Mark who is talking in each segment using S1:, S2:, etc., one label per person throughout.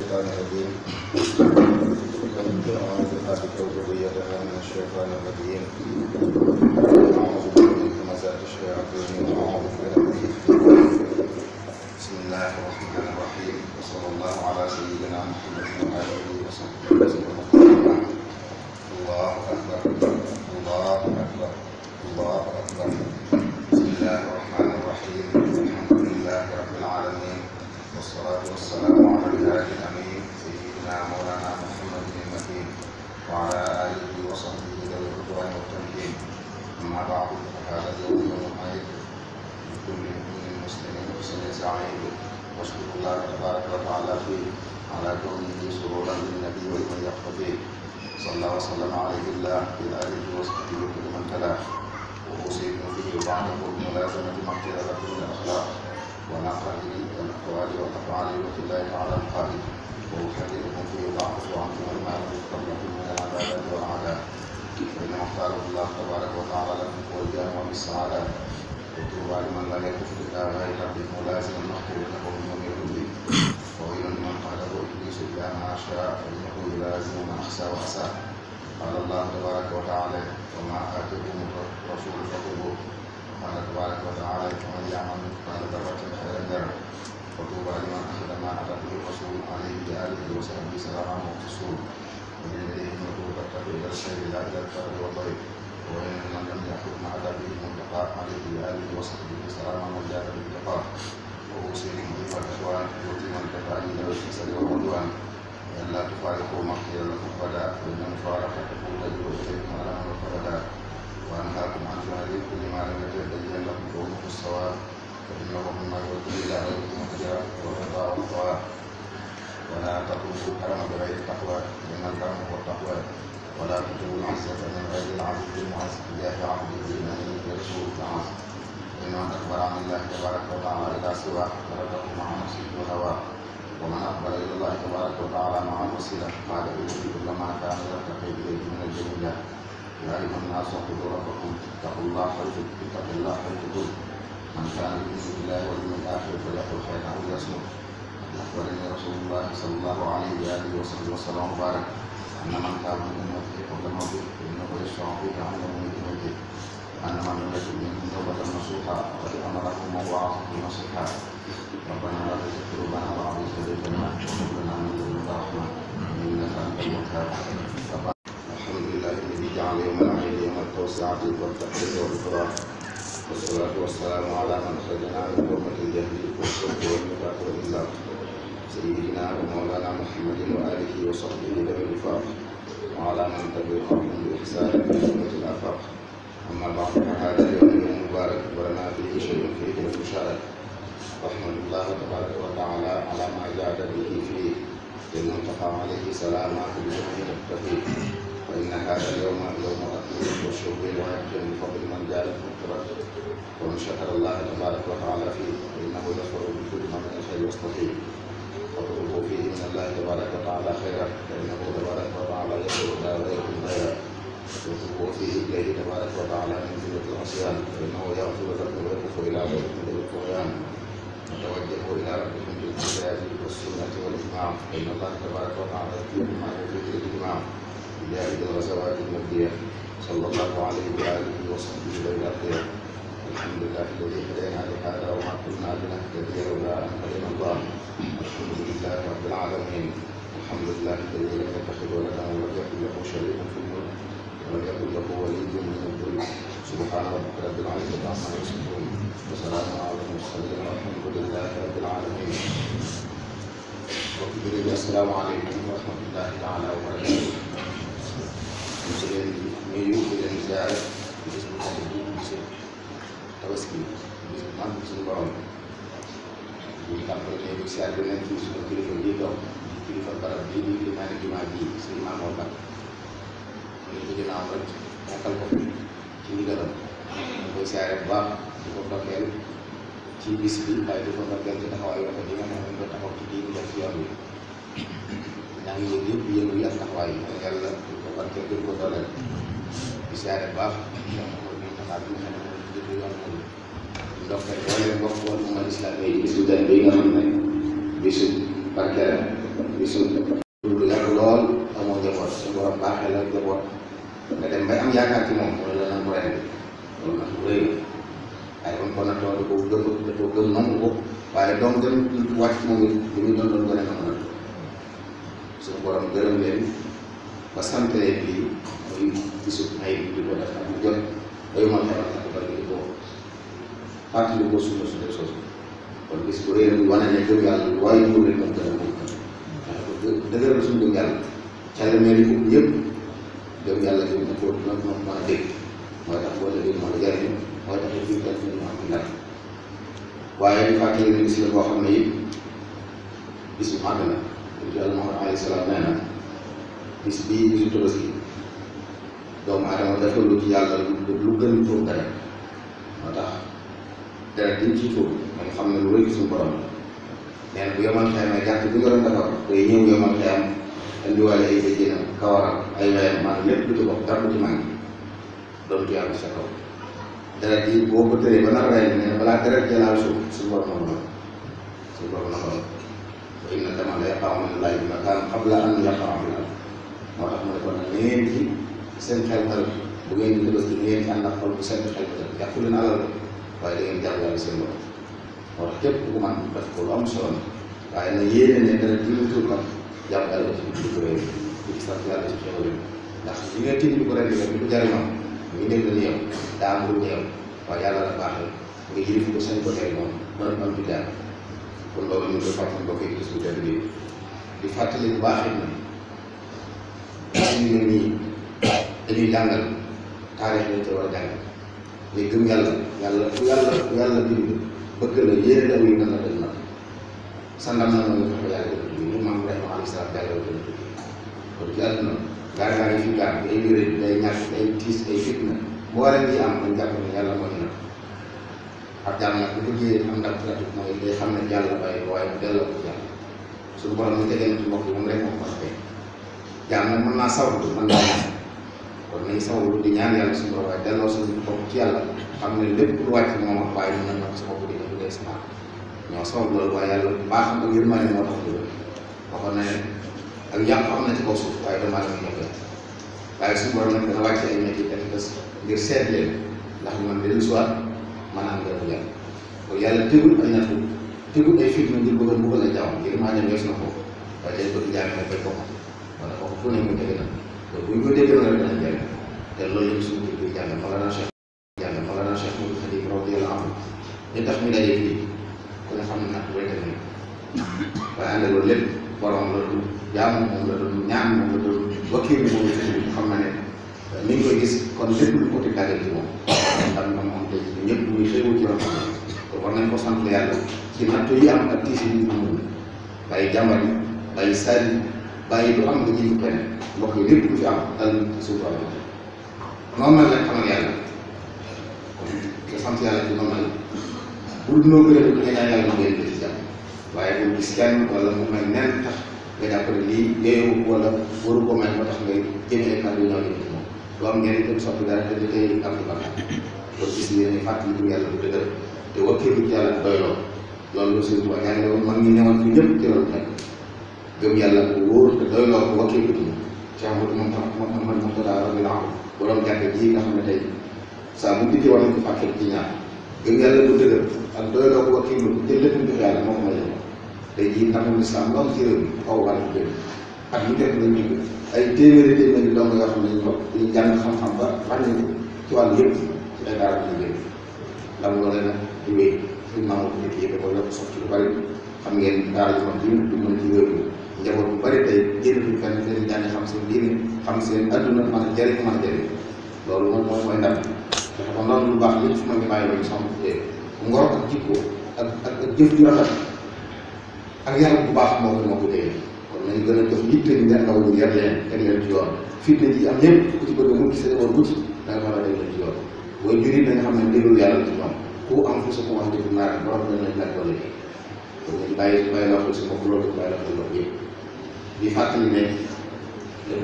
S1: الشيطان الرجيم أعوذ بحقك وذريتها من الشيطان الرجيم أعوذ بك من همزات الشياطين وأعوذ بك بسم الله الرحمن الرحيم وصلى الله على سيدنا محمد وعلى آله وصحبه وسلم أما بعد فهذا الذي هو المؤيد لكل من المسلم محسن سعيد واشكر الله تبارك وتعالى فيه على كونه سرورا للنبي ولمن يقتضيه صلى وسلم عليه الله بآله وصحبه ومن تلاه وأوصيكم به وبعدكم بملازمة محجر لكم من الأخلاق ونقله والأقوال والأفعال وبالله تعالى القائل وأحذركم فيه وأعفو عنكم المال قبلكم من العبادة والعذاب فإن اختاره الله تبارك وتعالى وإياه بالسعادة وطوبى لمن لا يقف إلا غير ربه ملازما مخطوب له من يرضي وويل لمن قاله إبليس إلا ما شاء فإنه يلازم من أحسى وأساء قال الله تبارك وتعالى وما آتيكم الرسول فخذوه قال تبارك وتعالى ومن يعمل مثقال ذرة خيرا يره وطوبى لمن أخذ ما أتى به الرسول عليه بآله وصحبه سلامه في السور من يديه مغلوبة إلى الخير لا إلى الفقر والضيق وإن من لم يحكم على به الملتقى عليه بآله وصحبه سلاما وجاء باللقاء وأوصيكم أيها الإخوان بحكم تفعلوا له الحسد والعدوان ألا تفارقوا مقتل لكم غدا فإن مفارقتكم تجر إليكم على أمر غدا وأنهاكم عن فعل كل ما لم يتبين لكم قومه الصواب فإنه مما يرد إلى ولا تطلبوا الكرم بغير التقوى إن الكرم هو التقوى ولا تطلبوا العزة من غير العز المعز بالله عبده المني يرسول العز إنما أكبر عن الله تبارك وتعالى إذا سواه تركه مع نفسه وهواه ومن أقبل إلى الله تبارك وتعالى مع الوسيلة قال إليه لما كان يرتقي إليه من الجميلة يا أيها الناس اعبدوا ربكم اتقوا الله حيث اتقوا الله حيث من كان يؤمن بالله واليوم الآخر فليقل خيرا أو ليصمت أخبرني رسول الله صلى الله عليه وآله وصحبه وسلم وبارك أن من تاب من أمته قبل الموت فإنه يشفع فيه عند موت أمته أن من يملك منهم توبة نصوحا وقد أمركم ووعظكم نصيحا ربنا لا تزغ قلوبنا بعد إذ هديتنا وهب لنا من لدنك رحمة إنك أنت الوهاب الحمد لله الذي جعل يوم العيد يوم التوسعة والتقدير والإكرام والصلاة والسلام على من خرجنا من كرمة الجهل وصحبه ذوي الوفاق وعلى من تبعهم بإحسان إلى يوم الآفاق أما بعد فهذا يوم مبارك ولنا فيه شيء فيه المشارك واحمد الله تبارك وتعالى على ما جاد به فيه للمنتقى عليه سلام بجميع التوفيق فإن هذا اليوم يوم أكمل وشهر ويكفي من فضل من جاد فكرته ومن شكر الله تبارك وتعالى فيه فإنه يفرح بكل من الخير يستطيع واطلبوا فيه من الله تبارك وتعالى خيرا فإنه تبارك وتعالى يغفر لا ويكون خيرا واطلبوا فيه إليه تبارك وتعالى من زلة العصيان فإنه يغفر ذنبه ويقف إلى ملكه الطغيان وتوجهوا إلى ربكم بالكتاب والسنة والإجماع فإن الله تبارك وتعالى يكتب ما يريد الإجماع بجائزة الغزوات المبدية صلى الله عليه وآله وصحبه إلى القيامة الحمد لله الذي هدينا لهذا وما كنا لنهتدي لولا ان هدينا الله الحمد لله رب العالمين الحمد لله الذي لم يتخذ ولدا ولم يكن له شريك في الملك ولم يكن له ولي من الذل سبحان ربك رب العزه عما يصفون وسلام على المرسلين والحمد لله رب العالمين. السلام عليكم ورحمه الله ñu si àdduna ak ci suñu kilifa bii toog di kilifa barab bii di kilifa ak jumaa bii suñu maamoo bàq mu ngi ci ginnaaw rek nekkal ko ci ndigalam ñu koy siyaare bu baax di ko dokkeel ci bis bi waaye di ko dokkeel ci taxawaay yoo xam ne nga xam ne ko taxaw ci diin def ci yoon bi ñaa ngi yëg yëpp yëngu yi ak taxawaay yi yàlla di ko barkeel di ko dooleel di siyaare bu baax ndokkeel boole mbokk wala mooy islam yi islam yi nga xam ne bisu barke la bisu lu yàgg lool amoo njaboot su borom baaxee la njaboot nga dem am yaakaar ci moom wala la nangu ren loolu nag lu rëy la waaye ba mu ko nattoo da koo gëm da koo gëm nangu ko moom it li muy doon doon gën a nangu la suñu borom gërëm leen ba sant leen lii muy bisu ay di ko def ak mu ba yomal xew ak ak bari di ko fàttali ko kon gis bu rëy rek wane ne gëm yàlla waaye ñëw rek daf dana moom ndax dëgëral suñu gëm yàlla cale mel yi foofu yëpp gëm yàlla gëm na ko na ko mën a dégg mooy tax boo dégg moo la jariñ mooy tax fii kat ñu am ndar waaye di fàttali ne gis la boo xam ne it bis bu màgg na yonent yàlla Muhammad alayhi salaam nee na bis bii bisu tabaski doomu aadama dafa lu ci yàlla lu gën tuur dara moo dara dañ ciy tuur man xam ne lu rëy suñu borom nee na bu yomal xeem ne gàtt bu ñu doon defar day ñëw yomal xeem indiwaale ay bëjjënam kawaram ay wayam maanaam lépp lu ci bokk dara ci màngi doon sa kaw deret yi boo ko tëree ba nar ne ne balaa deret jëlaal suuf suñu borom na ko suñu borom na ko ba im na dama la yaqaaw man laaj ne kon nag ngeen ci seen xel xel bu ngeen di dëgës ci ngeen ci ànd ak xol bu seen xel xel yàqu leen alal waaye da ngeen jàpp yàlla seen bopp moo tax képp ku man def ko lu am solo la waaye nag yéene ne dara dina tur kon jàppale ci dugub ci xéwal yi ko ren bi ko jariñoo ñu nekk lu mu yàlla la baaxee nga yëriñ ñu ngi nii dañuy jàngal taarix lañ te war a jàngal mais gëm yàlla yàlla yàlla yàlla bind bëgg la yéene la muy naka dañ mat sa ndam na mooy tax yàlla dina tudd ñu maam Ibrahima alayhi salaam yàlla dina tudd kon ci àdduna gaar gaar yi fi gaar day wéré day ñàkk day tiis day fitna boolem yi am dañ jàpp ne yàlla na ak jàmm nag bu ko jiyee am ndam ci rajo mooy day xam ne yàlla bàyyi mu delloo ko yàlla suñu borom ñu tegee ci mbokk yi moom rek moo ko xamee jàmm nag mën naa sawtu mën naa kon nañ sawlu di ñaan yàlla suñu waaye delloo suñu bopp ci waaye mën na ko sa waaye yàlla baaxam ak yërmande moo tax na ne ak yàq am na ci kaw waaye damaa la waaye suñu ngir seet leen ndax ñu mën benn soit maanaam ngërëm yàlla kon yàlla tegul ay nattu tegul a na ko waaye day bëgg ne nag te bu ñu ko déggee noonu dinañ jàng te loolu yëpp suñu déglu jàng Mawlana Cheikh jàng Mawlana Cheikh Moul Khadim radiyallahu anhu ñu tax ñu daje fii ku ne xam ne nag wéyte nañ waaye ànd loolu lépp borom la doon jaamu moom la doon ñaan moom la doon wakkiir moom xam na ne ni ngi koy gis kon lépp lu ko teg daje ci moom ndax moom moom tey ñëpp muy xéewal ci loolu te war nañ ko sant yàlla ci natt yi am ak tiis yi ñu amul bàyyi jàmbar yi bàyyi saal yi bàyyi lu am nga jiwu kenn mbokk yi lépp lu fi am daal suuf am noonu la nag xamal yàlla kon nga sant yàlla ci noonu la bul noo gën a dugg nga ñaan yàlla mu ngay ci jàmm waaye bul gis wala mu mel nen tax nga jàpp ne lii wala waru ko mel moo tax ngay jëmee kàddu yu ñëw ñu ci moom doo am ngeen itam soppi dara te tey am ci bakkan loolu gis ngeen ne fàttaliku yàlla bu dëgër te wakkilu ci yàlla doyloo loolu la suñu wax yaa ngi ne man ñi ñëwoon fi ñëpp ci loolu gëm yàlla bu wóor te doy loo ko wakkee ko ci am moom tam moom tam man moom daal rabi naa ko borom jàkka ji nga xam ne tey saa bu nit yi war nañ ko fàtte ci ñaar gëm yàlla bu dëgër ak doy loo ko wakkee ko te lépp ñu jox yàlla moo ko may yàlla tey jii ndamul islam lool ci réew mi xaw wàll bi ak ñu def nañ ñu ay téeméeri téeméeri dong yoo xam ne ñu jàng xam-xam ba fànn ko ci wàllu yëpp ci ay daara ñu jël ndam loolu nag di wéy suñu maamu ko yëpp yëpp ko yokk sof ci lu bari xam ngeen daara ji moom ci dugg na ci réew mi njaboot bu bari tey génn fenn seen jàng xam seen diine xam seen adduna mën a jëriñ mën a jëriñ loolu moom moom mooy ndam dafa ko ndam lu baax lépp fu ma ngi bàyyi loolu sama tey ngor ak jikko ak ak ak jëf ju rafet ak yàlla bu baax moo ko moo ko téye kon nañu gën a jox yitte ñu ne ndaw ñu yar leen teg leen ci yoon fitna ji am ñëpp ku ci bëgg mu gis woon gudd da nga mën a dem leen ci yoon booy jurit da nga xam ne déglu yàlla ci ñoom ku am fu sa ko wax dëgg naa borom dana laaj wala bàyyi bàyyi loo xam si bopp loolu bàyyi loo xam si bopp yëpp di fàttali ne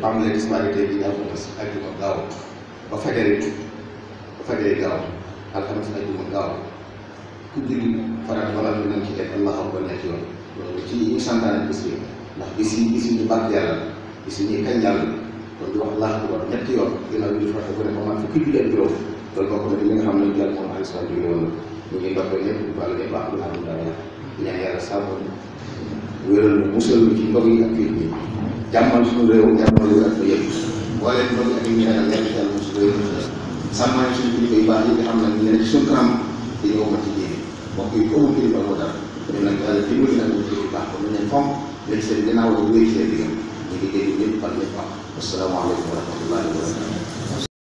S1: am na disparité bi daal moo tax ajjuma gaaw ba fajaree ba fajaree gaaw ku julli farat wala lu nañ ci def allah akbar ñetti yoon loolu ci ñu santaane bis yi ndax bis yi bis yi ñu bàkk yàlla bis yi ñuy kañ yàlla kon di wax allah akbar ñetti yoon ginnaaw bi ñu faral ko ne ba man fukki julli ak juróom loolu bokk na li nga xam ne jàll moom alxames ñu ngi ndokkee ñëpp di baal ñëpp ak lu xam ne dara ñaan yàlla sàmm wéral nu musal nu ci mbog yi ak fiir yi jàmmal suñu réew jàmmal réew ak fa yëpp boole mbog yi ak yi ñu ragal yàlla yàlla mosu réew mosu def sàmmal suñu kilifa yu baax yi nga xam ne ñu ne ci suñu kanam di ñëw ma ci jéegi mbokk yi foofu kilifa moo tax ñu nag yàlla dimbali nag ñu kilifa baax ko ñu leen fonk leen seen gannaaw wéy seen diggam ñu ngi dégg ñëpp fan lañ wax asalaamaaleykum wa rahmatullahi wa barakatu